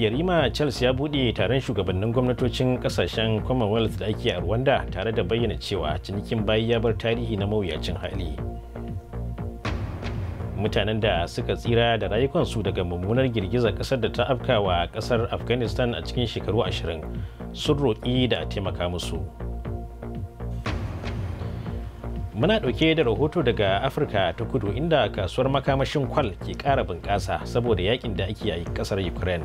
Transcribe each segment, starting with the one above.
yarima charles ya buɗe taron shugabannin gwamnatocin kasashen commonwealth da ake a rwanda tare da bayyana cewa cinikin bayi ya bar tarihi na mawuyacin hali mutanen da suka tsira da rayukansu daga mummunar girgizar kasar da ta afka wa kasar afghanistan a cikin shekaru ashirin sun roƙi da a taimaka musu muna ɗauke da rahoto daga afirka ta kudu inda kasuwar makamashin kwal ke ƙara bunƙasa saboda yakin da ake a ƙasar ukraine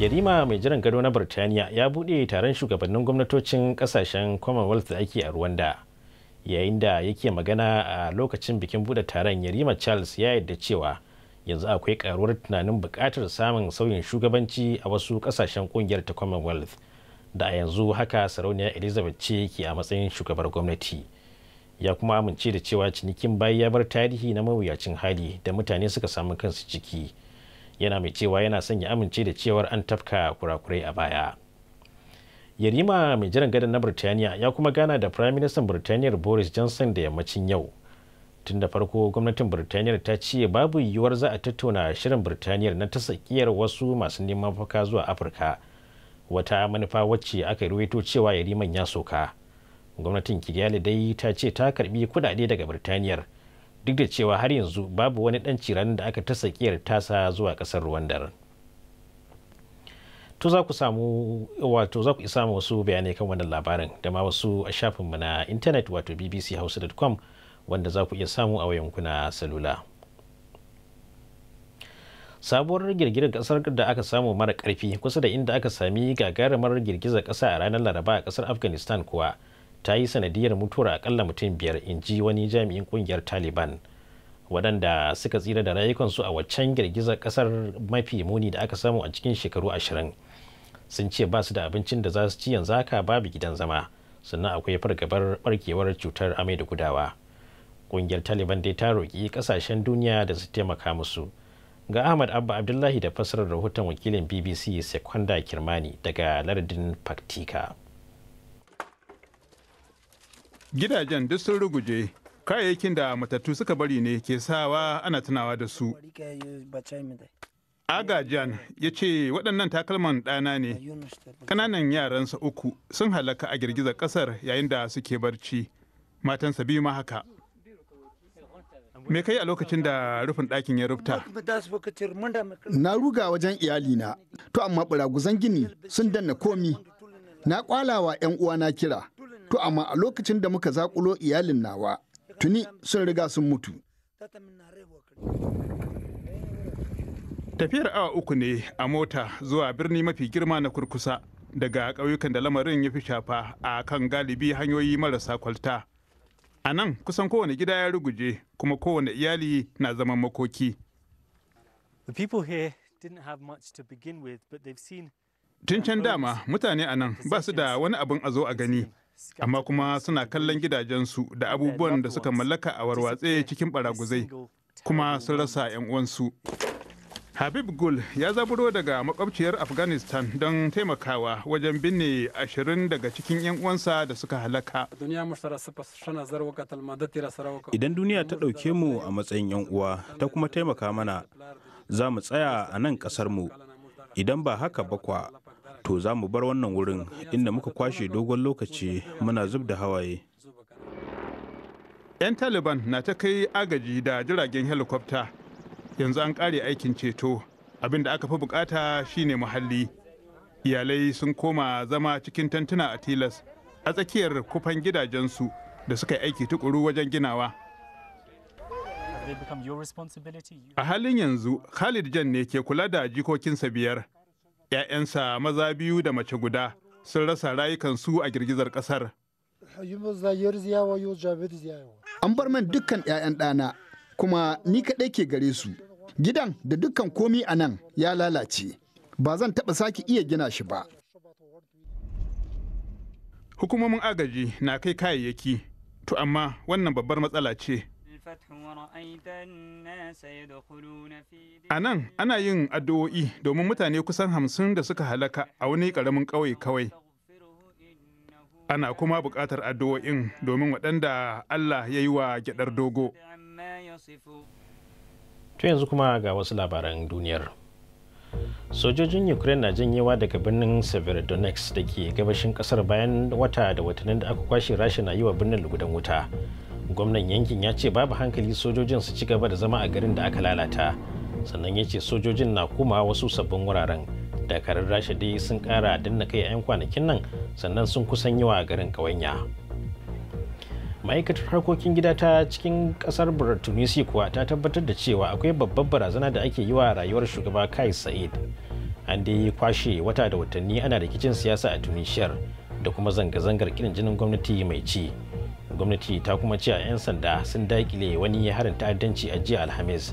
yarima mai jiran gado na birtaniya ya buɗe taron shugabannin gwamnatocin ƙasashen commonwealth da ake a rwanda yayin da yake magana a lokacin bikin buɗe taron yarima charles ya yadda cewa yanzu akwai karuwar tunanin buƙatar samun sauyin shugabanci a wasu ƙasashen ƙungiyar ta commonwealth da a yanzu haka sarauniya elizabeth ce ke a matsayin shugabar gwamnati ya kuma amince da cewa cinikin bayi ya bar tarihi na mawuyacin hali da mutane suka samu kansu ciki. yana mai cewa yana son ya amince da cewar an tafka kurakurai a baya yarima mai jiran gadon na birtaniya ya kuma gana da prime minister burtaniyar boris johnson da yammacin yau tun da farko gwamnatin burtaniyar ta ce babu yiwuwar za a tattauna shirin burtaniyar na ta tsakiyar wasu masu neman mafaka zuwa afirka wata manufa wacce aka ruwaito cewa yariman ya soka gwamnatin kigali dai ta ce ta karbi kudade daga burtaniyar duk da cewa har yanzu babu wani dan ciranin da aka ta sakiyar tasa zuwa kasar rwanda to za ku samu wato za ku isa wasu bayanai kan wannan labarin da ma wasu a shafinmu na intanet wato bbchouse.com wanda za ku iya samu a wayanku na salula sabuwar girgizar kasar da aka samu mara karfi kusa da inda aka sami gagarumar girgizar kasa a ranar laraba a kasar afghanistan kuwa ta yi sanadiyar mutuwar akalla mutum biyar in ji wani jami'in kungiyar taliban waɗanda suka tsira da rayukansu a waccan girgizar ƙasar mafi muni da aka samu a cikin shekaru ashirin sun ce ba su da abincin da za su ci yanzu haka babu gidan zama sannan akwai fargabar barkewar cutar amai da gudawa ƙungiyar taliban dai ta roƙi ƙasashen duniya da su taimaka musu ga ahmad abba abdullahi da fassarar rahoton wakilin bbc sekwanda kirmani daga lardin faktika Gidajen duk sun ruguje, kayayyakin da matattu suka bari ne ke sawa ana tunawa da su. Agajan ya ce waɗannan takalman ɗana ne, ƙananan yaransa uku sun halaka a girgizar ƙasar yayin da suke barci, matansa biyu ma haka. Me kai a lokacin da rufin ɗakin ya rufta? Na ruga wajen iyalina, to amma ɓuraguzan gini sun danna komi. Na kwalawa 'yan uwa na kira, To amma a lokacin da muka zakulo iyalin nawa tuni sun riga sun mutu. Tafiyar awa uku ne a mota zuwa birni mafi girma na kurkusa daga ƙauyukan da lamarin ya fi shafa a kan galibi hanyoyi marasa kwalta. A nan kusan kowane gida ya ruguje kuma kowane iyali na zaman makoki. Tun can dama mutane a nan ba su da wani abin a zo a gani amma kuma suna kallon gidajensu da abubuwan da suka mallaka a warwatse cikin baraguzai kuma sun rasa 'yan uwansu. Habib Gul ya zaburo daga makwabciyar Afghanistan don taimakawa wajen binne ashirin daga cikin 'yan uwansa da suka halaka. Idan duniya ta ɗauke mu a matsayin 'yan uwa ta kuma taimaka mana, za mu tsaya a nan mu Idan ba haka ba kwa to za mu bar wannan wurin inda muka kwashe dogon lokaci muna zub da hawaye. 'Yan Taliban na ta kai agaji da jiragen helikwafta yanzu an ƙare aikin ceto abin da aka fi bukata shine muhalli. Iyalai sun koma zama cikin tantuna a tilas a tsakiyar kufan gidajensu da suka yi aiki tukuru wajen ginawa. A halin yanzu Khalid Jan ne ke kula da jikokinsa biyar. 'ya'yansa maza biyu da mace guda sun rasa rayukansu a girgizar ƙasar. An bar man dukkan 'ya'yan ɗana kuma ni kaɗai ke gare su. Gidan da dukkan komi a nan ya lalace. Ba zan taɓa sake iya gina shi ba. Hukumomin agaji na kai kayayyaki, to amma wannan babbar matsala ce. A nan ana yin addu'o'i domin mutane kusan hamsin da suka halaka a wani ƙaramin ƙauye kawai. Ana kuma buƙatar addu'o'in domin waɗanda Allah ya yi wa gyaɗar dogo. To yanzu kuma ga wasu labaran duniyar. sojojin ukraine na janyewa daga birnin severodonetsk da ke gabashin ƙasar bayan wata da watannin da aka kwashe rashin na yi wa birnin lugudan wuta gwamnan yankin ya ce babu hankali sojojin su ci gaba da zama a garin da aka lalata sannan ya ce sojojin na kuma wasu sabbin wuraren dakarar rasha dai sun kara danna kai a 'yan kwanakin nan sannan sun kusan yawa a garin kawanya ma'aikatar harkokin gida ta cikin kasar tunisia kuwa ta tabbatar da cewa akwai babbar barazana da ake yi wa rayuwar shugaba kai sa'id an dai kwashe wata da watanni ana rikicin siyasa a tunishiyar da kuma zanga-zangar kirin jinin gwamnati mai ci gwamnati ta kuma ce a 'yan sanda sun dakile wani harin ta'addanci a jiya alhamis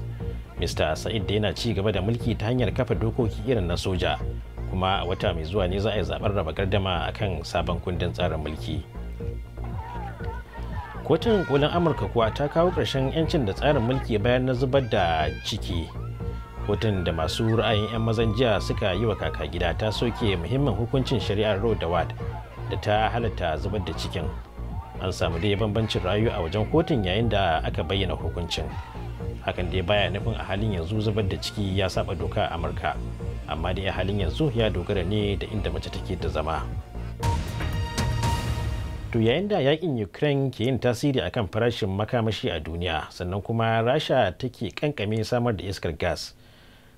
mr sa'id da yana ci gaba da mulki ta hanyar kafa dokoki irin na soja kuma a wata mai zuwa ne za a yi zaɓen raba gardama a kan sabon kundin tsarin mulki kotun kolin amurka kuwa ta kawo ƙarshen 'yancin da tsarin mulki bayan na zubar da ciki kotun da masu ra'ayin 'yan mazan jiya suka yi wa kaka gida ta soke muhimmin hukuncin shari'ar roe da da ta halatta zubar da cikin an samu dai bambancin rayu a wajen kotun yayin da aka bayyana hukuncin hakan dai baya nufin a halin yanzu zubar da ciki ya saba doka a amurka amma dai a halin yanzu ya dogara ne da inda mace take da zama to yayin da yakin ukraine ke yin tasiri akan farashin makamashi a duniya sannan kuma rasha take kankame samar da iskar gas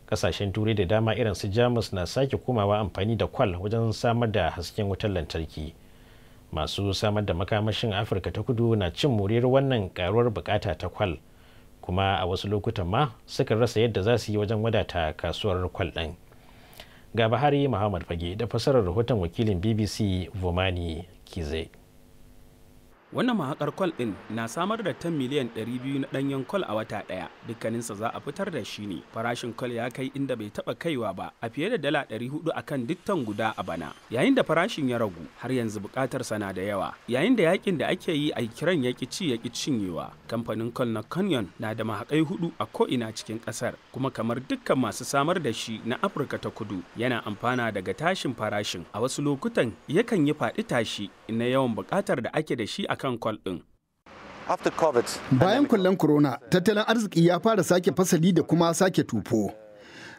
kasashen turai da dama irin su jamus na sake komawa amfani da kwal wajen samar da hasken wutar lantarki masu samar da makamashin afirka ta kudu na cin murir wannan karuwar bukata ta kwal kuma a wasu lokutan ma suka rasa yadda za su yi wajen wadata kasuwar kwal ɗin ga bahari muhammad fage da fasarar rahoton wakilin bbc vomani kize wannan mahakar kwal ɗin na samar da tan miliyan 200 na ɗanyen kwal a wata ɗaya dukkaninsa za a fitar da shi ne farashin kwal ya kai inda bai taɓa kaiwa ba a fiye da dala 400 a kan dukkan guda a bana yayin da farashin ya ragu har yanzu buƙatar sana da yawa yayin da yakin da ake yi a kiran yaƙi ci yaki cinyewa kamfanin kwal na canyon na da mahaƙai hudu a ko'ina cikin ƙasar kuma kamar dukkan masu samar da shi na afirka ta kudu yana amfana daga tashin farashin a wasu lokutan yakan yi faɗi tashi na yawan buƙatar da ake da shi a akan kwal ɗin. Bayan kwallon corona, tattalin arziki ya fara sake fasali da kuma sake tufo.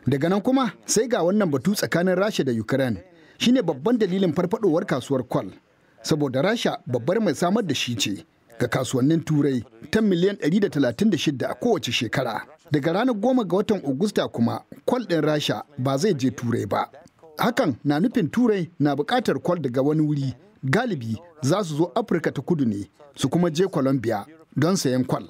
Daga nan kuma sai ga wannan batu tsakanin Rasha da Ukraine shine babban dalilin farfadowar kasuwar kwal. Saboda Rasha babbar mai samar da shi ce ga kasuwannin Turai ta miliyan 136 a kowace shekara. Daga ranar goma ga watan Agusta kuma kwal ɗin Rasha ba zai je Turai ba. Hakan na nufin Turai na buƙatar kwal daga wani wuri galibi za su zo afirka ta kudu ne su kuma je colombia don sayan kwal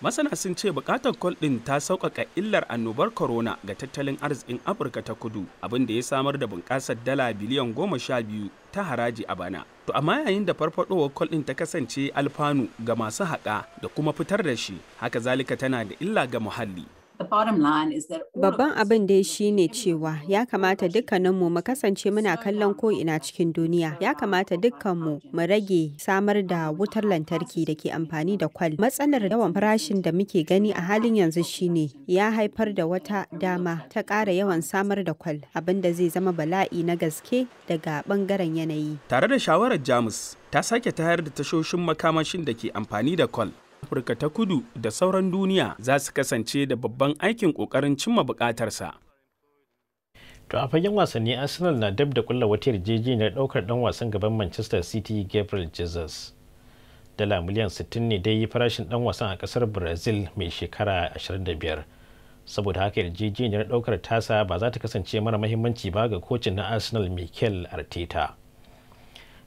masana sun ce bukatar kwal din ta sauƙaƙa illar annobar corona ga tattalin arzikin afirka ta kudu abin da ya samar da bunƙasar dala biliyan goma sha biyu ta haraji a bana to amma yayin da farfadowar kwal din ta kasance alfanu ga masu haƙa da kuma fitar da shi haka zalika tana da illa ga muhalli Babban abin dai shi ne cewa ya kamata dukkaninmu mu kasance muna kallon ko'ina cikin duniya. Ya kamata dukkanmu mu rage samar da wutar lantarki da ke amfani da kwal. Matsalar yawan farashin da muke gani a halin yanzu shi ne ya haifar da wata dama ta ƙara yawan samar da kwal abin da zai zama bala'i na gaske daga ɓangaren yanayi. Tare da shawarar Jamus ta sake tayar da tashoshin makamashin da ke amfani da kwal. Afirka ta kudu da sauran duniya za su kasance da babban aikin ƙoƙarin cimma buƙatarsa. To a fagen wasanni Arsenal na dab da kulla wata yarjejeniyar ɗaukar ɗan wasan gaban Manchester City Gabriel Jesus. Dala miliyan 60 ne dai farashin ɗan wasan a ƙasar Brazil mai shekara 25. Saboda haka yarjejeniyar ɗaukar tasa ba za ta kasance mara mahimmanci ba ga kocin na Arsenal Mikel Arteta.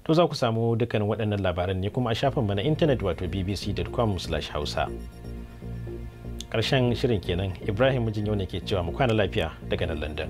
to za ku samu dukkanin waɗannan labaran ne kuma a shafin na intanet wato bbc.com hausa ƙarshen shirin kenan ibrahim mijin yau ne ke cewa mu kwana lafiya daga nan london